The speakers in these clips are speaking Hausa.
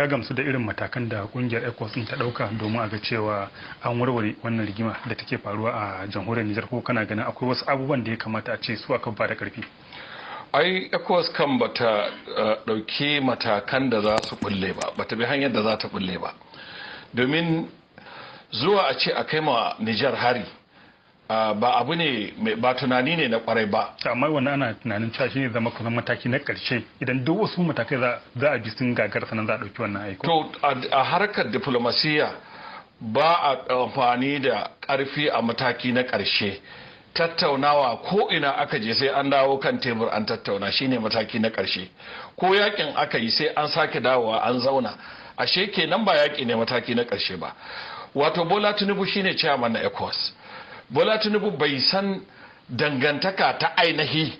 ka gamsu da irin matakan da kungiyar ecos ta dauka domin a ga cewa an warware wannan rigima da take faruwa a jamhuriyar nijar ko kana ganin akwai wasu abubuwan da ya kamata a ce su aka ba da karfi ai ecos kan bata dauke eh, matakan da za su kulle ba bata bi hanyar da za ta kulle ba domin zuwa a ce a kai ma nijar hari Ah, ba abu ne ba tunani ne na kwarai ba amma wannan ana tunanin cewa shine zama kusan mataki na karshe idan duk wasu matakai za a bi sun gagara sanan za a dauki wannan aiko to a harkar diplomasiya ba a amfani da ƙarfi a mataki na ƙarshe tattaunawa ko ina aka je sai an dawo kan tebur an tattauna shine mataki na karshe ko yakin aka yi sai an sake dawowa an zauna ashe kenan ba yaki ne mataki na karshe ba wato bola tinubu shine chairman na ecos bola tinubu bai san dangantaka ta ainihi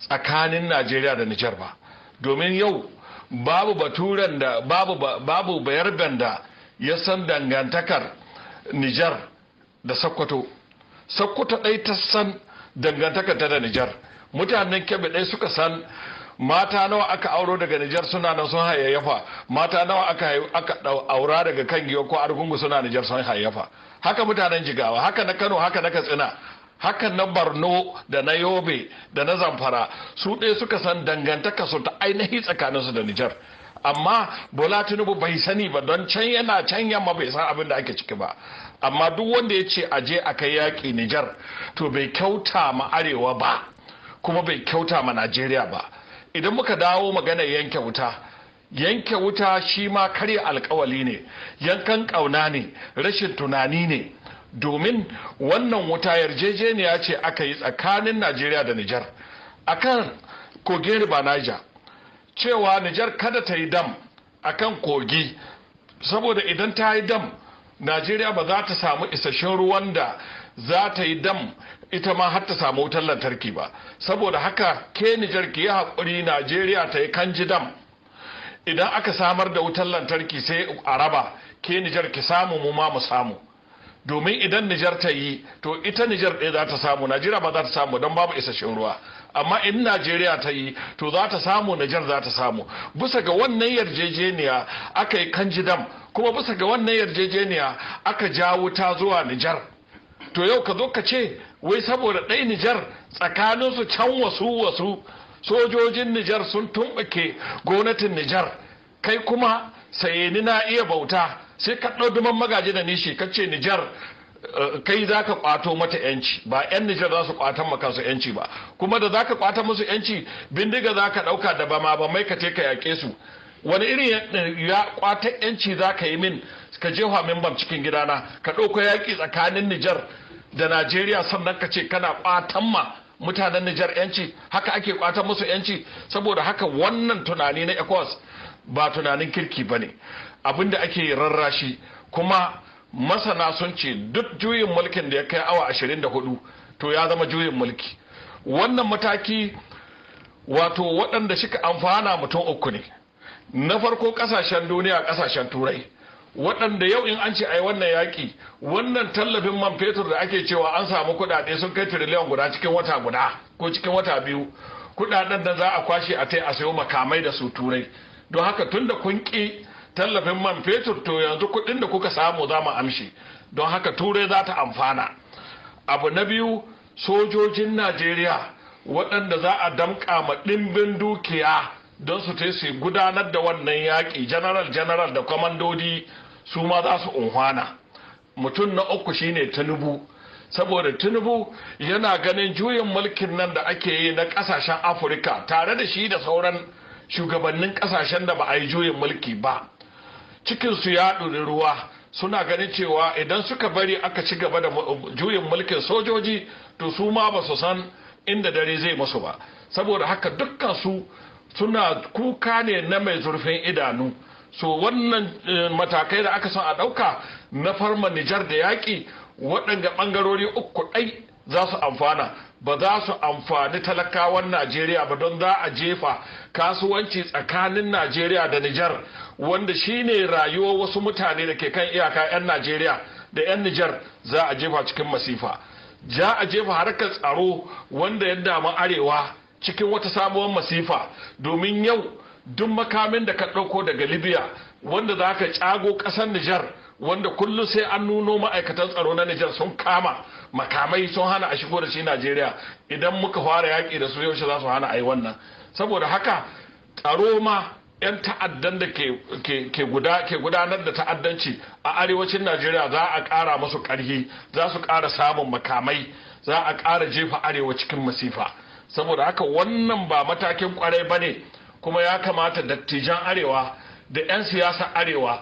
tsakanin najeriya da nijar ba domin yau babu baturen da babu babu bayarben da ya san dangantakar nijar da sokoto sokoto ɗai ta san dangantakar ta da nijar mutanen kebe ɗai suka san mata nawa aka auro daga Nijar suna nan sun hayayyafa mata nawa aka aka aura daga kan giyo ko argungu suna Nijar sun hayayyafa haka mutanen jigawa haka na Kano haka na Katsina haka na barno da na Yobe da na Zamfara su ɗaya suka san dangantaka su ta ainihi tsakaninsu da Nijar amma bola tinubu bai sani ba don can yana can yamma bai san abin da ake ciki ba amma duk wanda ya ce a je a kai yaƙi nijar to bai kyauta ma arewa ba kuma bai kyauta ma najeriya ba idan muka dawo magana yanke wuta yanke wuta shi ma karya alkawali ne yankan kauna ne rashin tunani ne domin wannan wuta yarjejeniya ce aka yi tsakanin najeriya da nijar kan kogin riba niger cewa nijar kada ta yi dam akan kogi saboda idan ta yi dam najeriya ba za ta samu isasshen ruwan da za ta yi dam ita ma har ta samu wutar lantarki ba saboda haka ke nijar ki yi haƙuri najeriya ta yi kanji dam idan aka samar da wutar lantarki sai a raba ke nijar ki samu mu ma mu samu domin idan nijar ta yi to ita nijar ɗaya za ta samu najeriya ba za ta samu don babu isasshen ruwa amma in najeriya ta yi to za ta samu nijar za ta samu bisa ga wannan yarjejeniya aka yi kanji dam kuma bisa ga wannan yarjejeniya aka ja wuta zuwa nijar to yau ka zo ka ce wai saboda ɗai nijar tsakaninsu can wasu wasu sojojin nijar sun tumɓuke gonatin nijar kai kuma sayeni na iya bauta sai ka duman magaji da nishi ka ce nijar eh, kai za ka kwato mata yanci ba 'yan nijar za su kwatan maka su yanci ba kuma da za ka kwata musu yanci bindiga za ka ɗauka da ma ba mai ka ce ka yaƙe su wani irin ya kwata yanci za ka yi min ka jefa min bam cikin gidana ka ɗauko yaƙi tsakanin nijar da najeriya sannan ka ce kana ɓatan ma mutanen nijar yanci haka ake ɓatan musu yanci saboda haka wannan tunani na ecowas ba tunanin kirki ba ne abinda ake rarrashi kuma masana sun ce duk juyin mulkin da ya kai awa 24 to ya zama juyin mulki wannan mataki wato waɗanda suka amfana mutum uku ne na farko ƙasashen duniya ƙasashen turai waɗanda yau in an ce ai wannan yaƙi wannan tallafin man fetur da ake cewa an samu kuɗaɗe sun kai tiriliyan guda cikin wata guda ko cikin wata biyu kuɗaɗen da za a kwashe a tai a sayo makamai da su turai don haka tun da kun ƙi tallafin man fetur to yanzu kuɗin da kuka samu za mu amshi don haka turai za ta amfana abu na biyu sojojin najeriya waɗanda za a damƙa ma ɗimbin dukiya don su ta su gudanar da wannan yaƙi general general da kwamandodi su ma za su unhwana mutum na uku shine tinubu saboda tinubu yana ganin juyin mulkin nan da ake yi na kasashen afirka tare da shi da sauran shugabannin kasashen da ba a yi juyin mulki ba cikinsu ya ɗuri ruwa suna ganin cewa idan suka bari aka ci gaba da juyin mulkin sojoji to su ma ba su san inda dare zai masu ba saboda haka dukkan su suna kuka ne na mai zurfin idanu so wannan eh, matakai da aka son a ɗauka na farma nijar da yaƙi waɗanda ɓangarori uku ɗai za su amfana ba za su amfani talakawan najeriya ba don za a jefa kasuwanci tsakanin najeriya da nijar wanda shine rayuwar wasu mutane da ke kan iyaka 'yan najeriya da 'yan nijar za a jefa cikin masifa za a jefa harkar tsaro wanda ya damu arewa cikin wata sabuwar masifa domin yau duk makamin da ka ɗauko daga libya wanda za ka cago ƙasar nijar wanda kullum sai an nuno ma'aikatan tsaro na nijar sun kama makamai sun hana a shigo da shi najeriya idan muka fara yaƙi da su yaushe za su hana a yi wannan saboda haka tsaro ma 'yan ta'addan da ke gudanar da ta'addanci a arewacin najeriya za a ƙara musu ƙarfi za su ƙara samun makamai za a ƙara jefa arewa cikin masifa saboda haka wannan ba matakin kwarai ba ne kuma ya kamata dattijan arewa da 'yan siyasar arewa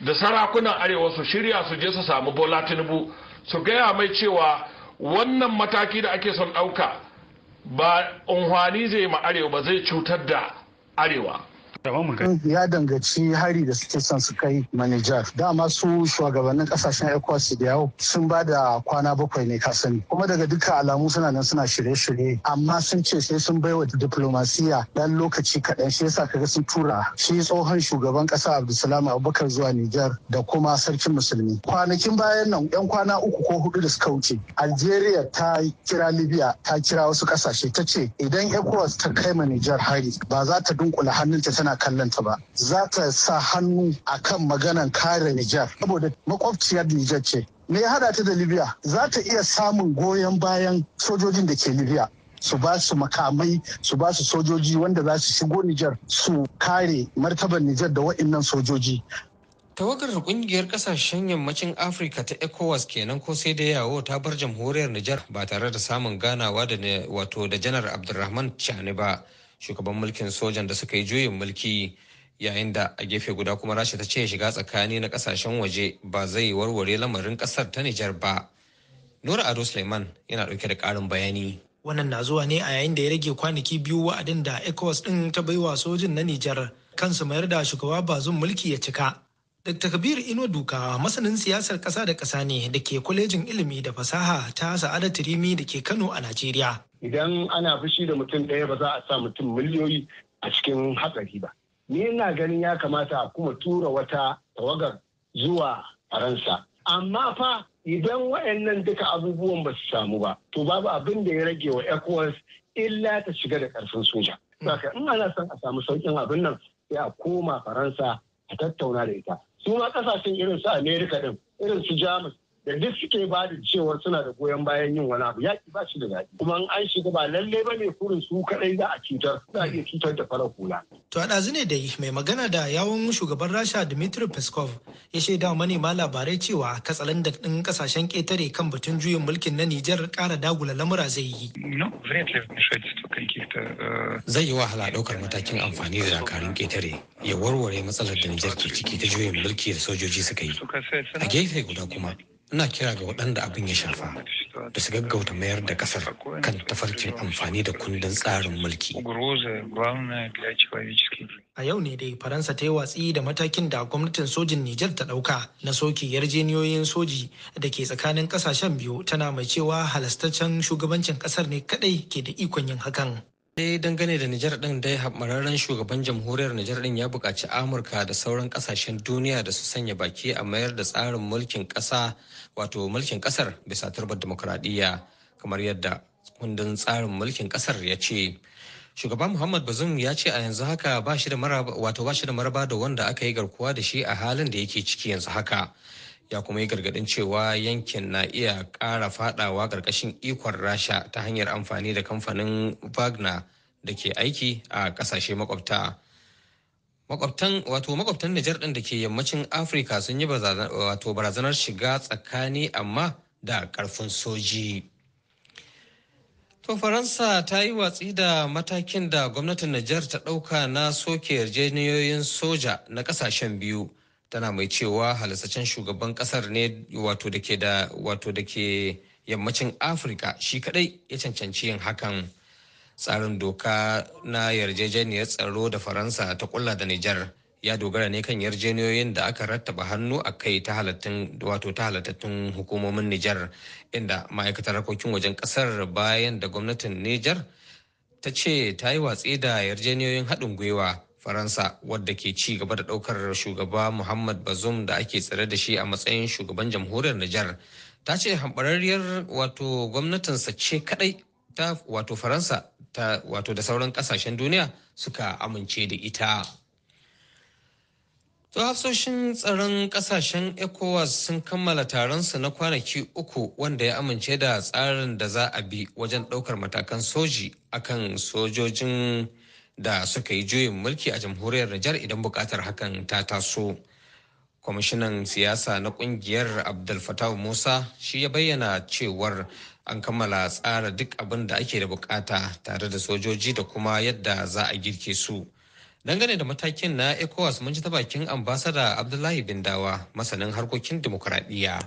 da sarakunan arewa su shirya su je su samu bola tinubu su gaya mai cewa wannan mataki da ake son ɗauka ba unhwani zai ma arewa ba zai cutar da arewa Mm, ya danganci hari da suke son su kai manijar dama su shugabannin kasashen ecuador da yau sun ba da kwana bakwai ne ka sani kuma daga duka alamu suna nan suna shirye-shirye amma sun ce sai sun bai wa diplomasiya dan lokaci kaɗan shi yasa kaga sun tura shi tsohon shugaban ƙasa abdulsalam abubakar zuwa nijar da kuma sarkin musulmi kwanakin bayan nan yan kwana uku ko hudu da suka wuce algeria ta kira libya ta kira wasu ƙasashe ta ce idan ecuador ta kai manijar hari ba za ta dunkula hannunta tana ana ta ba za ta sa hannu akan maganan kare Nijar saboda makwabciyar Nijar ce me ya hada ta da Libya za ta iya samun goyon bayan sojojin da ke Libya su ba su makamai su ba su sojoji wanda za su shigo Nijar su kare martabar Nijar da waɗannan sojoji tawagar kungiyar kasashen yammacin afirka ta ecowas kenan ko sai da yawo ta bar jamhuriyar nijar ba tare da samun ganawa da wato da janar abdulrahman chani ba shugaban mulkin sojan da suka yi juyin mulki yayin da a gefe guda kuma rasha ta ce shiga tsakani na kasashen waje ba zai warware lamarin kasar ta nijar ba nura ado suleiman yana dauke da karin bayani wannan na zuwa ne a yayin da ya rage kwanaki biyu wa'adin da ecowas din ta baiwa sojin na nijar kansu mayar da shugaba bazum mulki ya cika Dr. Kabir Ino Duka masanin siyasar ƙasa da ƙasa ne da ke kwalejin ilimi da fasaha ta Sa'ada Tirimi da ke Kano a Najeriya. idan ana fushi da mutum ɗaya ba za a sa mutum miliyoyi a cikin hatsari ba ni ina ganin ya kamata a kuma tura wata tawagar zuwa faransa amma fa idan waɗannan duka abubuwan ba su samu ba to babu abin da ya rage wa ecowas illa ta shiga da ƙarfin soja saka in ana son a samu sauƙin abin nan sai a koma faransa a tattauna da ita su ma ƙasashen irin su amerika din irin su jamus da duk suke ba da cewa suna da goyon bayan yin wani abu yaki ba shi da daɗi kuma an shiga ba lalle ba ne kurin su kaɗai za a cutar za a iya cutar da farar hula. to a ɗazu ne dai mai magana da yawon shugaban rasha dmitry peskov ya shaida wa manema labarai cewa da ɗin ƙasashen ƙetare kan batun juyin mulkin na nijar ƙara dagula lamura zai yi. Uh, zai yi wahala ɗaukar matakin amfani da dakarun ƙetare ya warware matsalar da nijar ke ciki ta juyin mulki da sojoji suka yi a gefe guda kuma ina kira ga waɗanda abin ya shafa da su gaggauta mayar da ƙasar kan tafarkin amfani da kundin tsarin mulki. A yau ne dai Faransa ta yi watsi da matakin da gwamnatin sojin Nijar ta ɗauka na soke yarjeniyoyin soji da ke tsakanin ƙasashen biyu tana mai cewa halastaccen shugabancin ƙasar ne kaɗai ke da ikon yin hakan. dai eh, dangane da Nijar ɗin dai hamararren shugaban jamhuriyar Nijar ɗin ya buƙaci Amurka da sauran ƙasashen duniya da su sanya baki a mayar da tsarin mulkin ƙasa wato mulkin ƙasar bisa turbar demokuraɗiyya kamar yadda kundin tsarin mulkin ƙasar ya ce. shugaban Muhammad Bazum ya ce a yanzu haka ba shi da maraba wato ba shi da maraba da wanda aka yi garkuwa da shi a halin da yake ciki yanzu haka. ya kuma yi gargadin cewa yankin na iya ƙara fadawa ƙarƙashin ikon rasha ta hanyar amfani da kamfanin wagner da ke aiki a ƙasashe makwabta makwabtan wato makwabtan nijar ɗin da ke yammacin afirka sun yi wato barazanar shiga tsakani amma da karfin soji to faransa ta yi watsi da matakin da gwamnatin nijar ta ɗauka na soke yarjejeniyoyin soja na ƙasashen biyu tana mai cewa halasacen shugaban kasar ne wato da ke da wato da ke yammacin afirka shi kadai ya cancanci yin hakan tsarin doka na yarjejeniyar tsaro da faransa ta kulla da nijar ya dogara ne kan yarjejeniyoyin da aka rattaba hannu a kai ta halattattun hukumomin nijar inda ma'aikatar harkokin wajen kasar bayan da gwamnatin nijar ta ce ta yi watsi da yarjejeniyoyin haɗin gwiwa faransa wadda ke ci gaba da ɗaukar shugaba muhammad bazoum da ake tsare da shi a matsayin shugaban jamhuriyar nijar ta ce hambararriyar wato gwamnatinsa ce kadai ta wato faransa ta wato da sauran kasashen duniya suka amince da ita to hafsoshin tsaron kasashen ecowas sun kammala taronsu na kwanaki uku wanda ya amince da tsarin da za a bi wajen ɗaukar matakan soji akan sojojin da suka yi juyin mulki a jamhuriyar Nijar idan bukatar hakan ta taso. Kwamishinan siyasa na ƙungiyar Abdul Fattah Musa shi ya bayyana cewar an kammala tsara duk abin da ake da bukata tare da sojoji da kuma yadda za a girke su. Dangane da matakin na ECOWAS mun ji ta bakin ambasada Abdullahi Bindawa masanin harkokin demokuraɗiyya.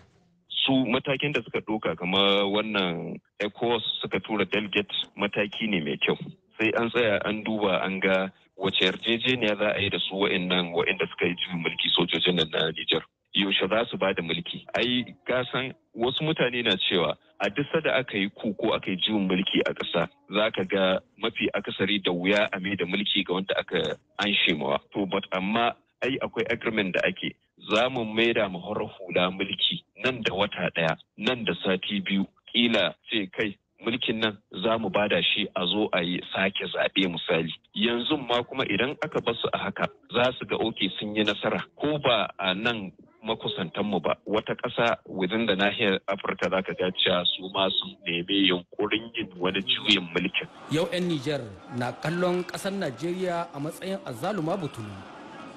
su matakin da suka ɗoka kamar wannan ECOWAS suka tura delegate mataki ne mai kyau. sai an tsaya an duba an ga wace yarjejeniya za a yi da su wa'annan wa'anda suka yi juyin mulki sojojin nan na Nijar. Yaushe za su ba da mulki. Ai, san wasu mutane na cewa a duk da aka yi ku ko aka yi juyin mulki a ƙasa za ka ga mafi akasari da wuya a mai da mulki ga wanda aka an shemawa. To, but amma ai akwai agreement da ake za mu maida mu hula mulki nan da wata ɗaya nan da sati biyu kila ce kai mulkin nan za mu bada shi a zo a yi sake zaɓe misali yanzu ma kuma idan aka basu a haka za su ga oke sun yi nasara ko ba a nan makusantanmu ba wata ƙasa within da nahiyar afirka za ka ga cewa su masu sun nemi yunkurin yin wani juyin mulkin yau 'yan nijar na kallon ƙasar najeriya a matsayin azaluma butulu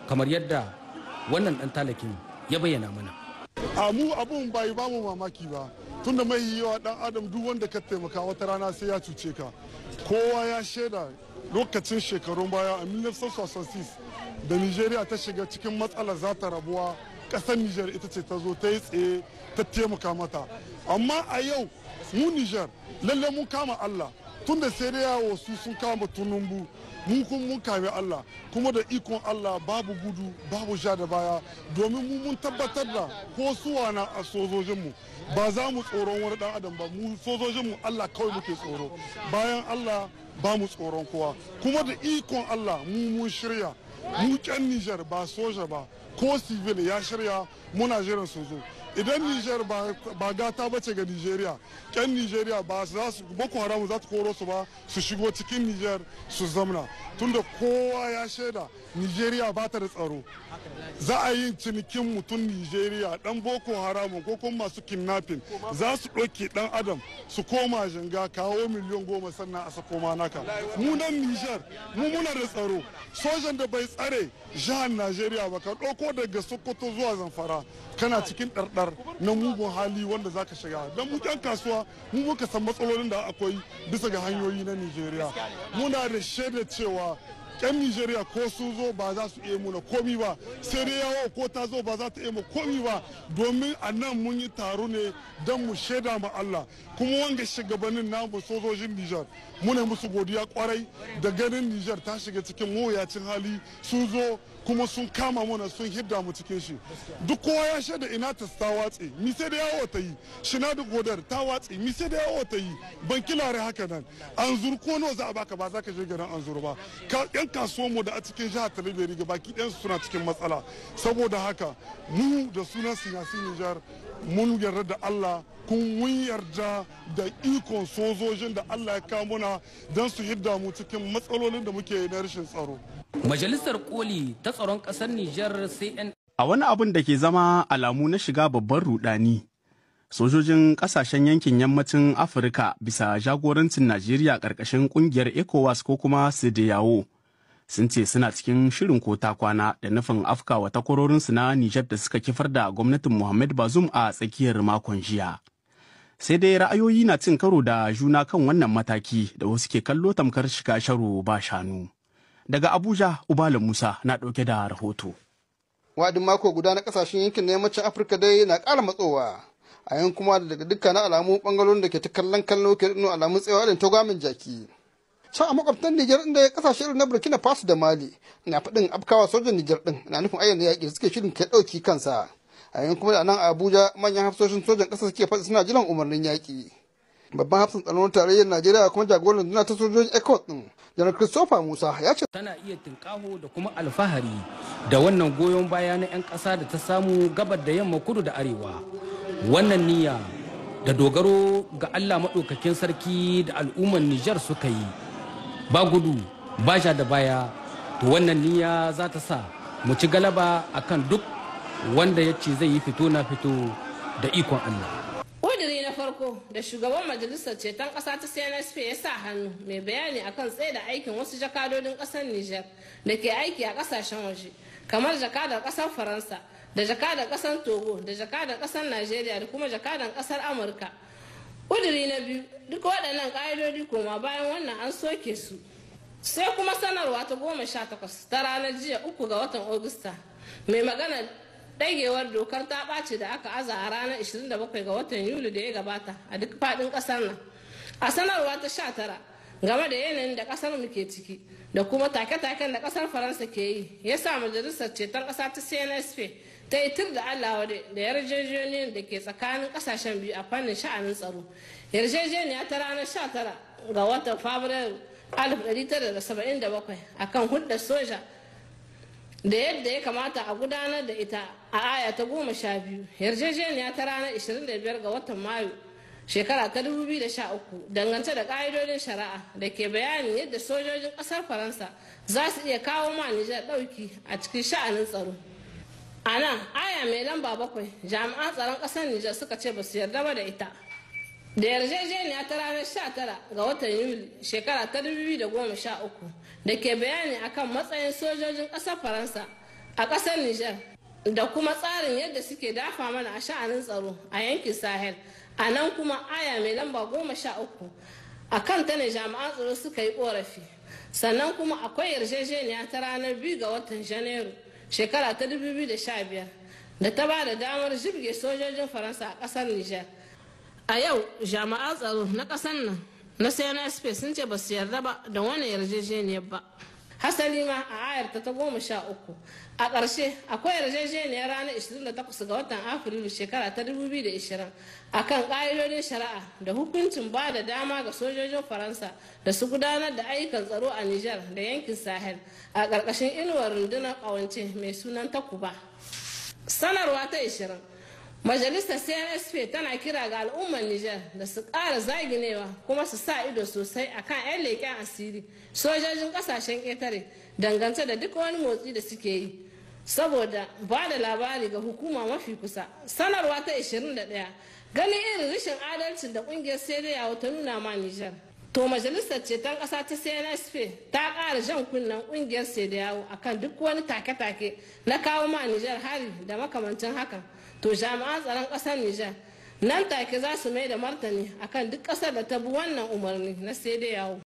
kamar yadda wannan ɗan talakin ya bayyana mana a mu abun bai bamu mamaki ba tunda mai yi yawa dan adam duk wanda ka taimaka wata rana sai ya cuce ka kowa ya shaida lokacin shekarun baya a 1966 da nigeria ta shiga cikin matsala za ta rabuwa kasar niger ita ce ta zo ta yi tsaye ta taimaka mata amma a yau mu niger lallai mun kama allah tunda sai da yawo su sun kama tunumbu mu kun mun kame Allah kuma da ikon Allah babu gudu babu sha da baya domin mu mun tabbatar da ko suwa na a sojojinmu ba za mu tsoron wani dan adam ba mu sojojinmu Allah kawai muke tsoro bayan Allah ba mu tsoron kowa kuma da ikon Allah mu mun shirya mu kyan Nijar ba soja ba ko civil ya shirya muna jiran sojo idan niger ba gata bace ga nigeria yan nigeria ba za su boko haram za ta koro su ba su shigo cikin niger su zamna tunda kowa ya shaida nigeria ba ta da tsaro za a yi cinikin mutum nigeria dan boko haram ko kuma masu kidnapping za su ɗauki dan adam su koma janga kawo miliyon goma sannan a sako ma naka mu nan niger mu muna da tsaro sojan da bai tsare jihar nigeria ba ka ɗauko daga sokoto zuwa zamfara kana cikin ɗarɗar kasar na mugun hali wanda zaka shiga don mu kan kasuwa mu muka san matsalolin da akwai bisa ga hanyoyi na nigeria muna da shaida cewa yan nigeria ko su zo ba za su iya muna komi ba sai dai yawo ko ta zo ba za ta iya mu komi ba domin a nan mun yi taro ne don mu shaida ma allah kuma wanga shugabannin namu sojojin niger muna musu godiya kwarai da ganin niger ta shiga cikin mawuyacin hali su zo kuma sun kama mana sun hidda mu cikin shi duk kowa ya shaida ina ta watse ni sai da yawo ta yi shinadu godar ta watse ni sai da yawo ta yi ban kilare haka nan an zuru ko nawa za a baka ba za ka je garin an zuru ba yan kasuwan mu da a cikin jihar talibiri ga baki ɗayan suna cikin matsala saboda haka mu da sunan siyasi nijar mun yarda da Allah kun mun yarda da ikon sojojin da Allah ya kawo muna don su hidda mu cikin matsalolin da muke na rashin tsaro. Majalisar koli ta tsaron ƙasar Nijar CN. A wani abin da ke zama alamu na shiga babban rudani. Sojojin kasashen yankin yammacin Afirka bisa jagorancin Najeriya ƙarƙashin ƙungiyar ECOWAS ko kuma Sidiyawo sun ce suna cikin shirin ko ta kwana da nufin afkawa takwarorinsu na Nijar da suka kifar da gwamnatin Muhammad bazum a tsakiyar makon jiya. Sai dai ra'ayoyi na cin karo da juna kan wannan mataki da wasu ke kallo tamkar shiga sharo ba shanu. Daga Abuja, Ubalin Musa na ɗauke da rahoto. Wadin mako guda na ƙasashen yankin na yammacin Afirka dai na ƙara matsowa. A kuma daga dukkanin alamu bangarorin da ke ta kallon kallon ke alamun tsayawa da ta gwamin jaki. can a makwabtan Nijar da ya kasashe irin na Burkina Faso da Mali na faɗin afkawa sojan Nijar din na nufin ayyana yaƙi suke shirin kai ɗauki kansa a yayin kuma da nan Abuja manyan hafsoshin sojan ƙasa suke faɗi suna jiran umarnin yaƙi. Babban hafsan tsaron tarayyar Najeriya kuma jagoran duna ta sojojin ECOWAS din Janar Christopher Musa ya ce. Tana iya tinkaho da kuma alfahari da wannan goyon baya na 'yan ƙasa da ta samu gabar da yamma kudu da arewa. Wannan niyya da dogaro ga Allah maɗaukakin sarki da al'ummar Nijar suka yi ba gudu ba sha da baya to wannan niyya za ta sa mu ci galaba a kan duk wanda ya ce zai yi fito na fito da ikon Allah. Ƙudiri na farko da shugaban majalisar ceton ƙasa ta CNSP ya sa hannu mai bayani akan tsaye da aikin wasu jakadodin ƙasar niger da ke aiki a ƙasashen waje kamar jakadar ƙasar Faransa da jakadar ƙasar Togo da jakadar ƙasar Najeriya da kuma jakadar ƙasar Amurka. ƙuduri na biyu duk waɗannan ƙa'idodi koma bayan wannan an soke su sai kuma sanarwa ta goma sha takwas ta ranar jiya uku ga watan Agusta mai magana ɗagewar dokar ta ɓace da aka aza a ranar 27 ga watan Yuli da ya gabata a duk faɗin ƙasar nan. A sanarwa ta sha tara game da yanayin da ƙasar mu ke ciki da kuma take-taken da ƙasar Faransa ke yi ya sa majalisar ceton ƙasa ta CNSP ta yi tur da Allah da yarjejeniyar da ke tsakanin kasashen biyu a fannin sha'anin tsaro yarjejeniya ta ranar 19 ga watan fabrairu 1977 kan hulɗar soja da yadda ya kamata a gudanar da ita a aya ta goma sha biyu yarjejeniya ta ranar 25 ga watan mayu shekara ta 2013 dangance da ƙa'idodin shari'a da ke bayanin yadda sojojin ƙasar faransa za su iya kawo ma nijar ɗauki a cikin sha'anin tsaro a nan aya mai lamba bakwai jami'an tsaron ƙasar nijar suka ce ba su yarda ba da ita da yarjejeniya ta ranar tara ga watan yuli shekara ta biyu da goma sha uku da ke bayani akan matsayin sojojin ƙasar faransa a ƙasar nijar da kuma tsarin yadda suke dafa mana a sha'anin tsaro a yankin sahel a nan kuma aya mai lamba goma sha uku a kan ta ne jami'an tsaro suka yi ƙorafi sannan kuma akwai yarjejeniya ta ranar biyu ga watan janairu shekara ta 2015 da ta ba da damar jirge sojojin faransa a kasar nijar a yau jami'an tsaro na kasar nan na space sun ce ba su yarda ba da wani yarjejeniyar ba hasali ma a ayar ta goma sha uku a ƙarshe akwai yarjejeniyar ranar 28 ga watan afrilu shekara ta 2020 akan ƙa'idodin shari'a da hukuncin ba da dama ga sojojin faransa da su gudanar da ayyukan tsaro a niger da yankin sahel a ƙarƙashin inuwar rundunar ƙawance mai sunan takuba sanarwa ta 20 majalisar cnsp tana kira ga al'ummar nijar da su ƙara zaginewa kuma su sa ido sosai akan 'yan leƙen asiri sojojin ƙasashen ƙetare dangance da duk wani motsi da suke yi saboda ba da labari ga hukuma mafi kusa sanarwa ta 21 ganin irin rashin adalcin da ƙungiyar sai ta nuna ma nijar to majalisar ceton ƙasa ta cnsp ta ƙara jan kunnen ƙungiyar sedeyawo akan duk wani take-take na kawo ma nijar hari da makamancin hakan to jami'an tsaron ƙasar nijar nan take za su mai da martani akan duk ƙasar da ta bi wannan umarni na sai da yawo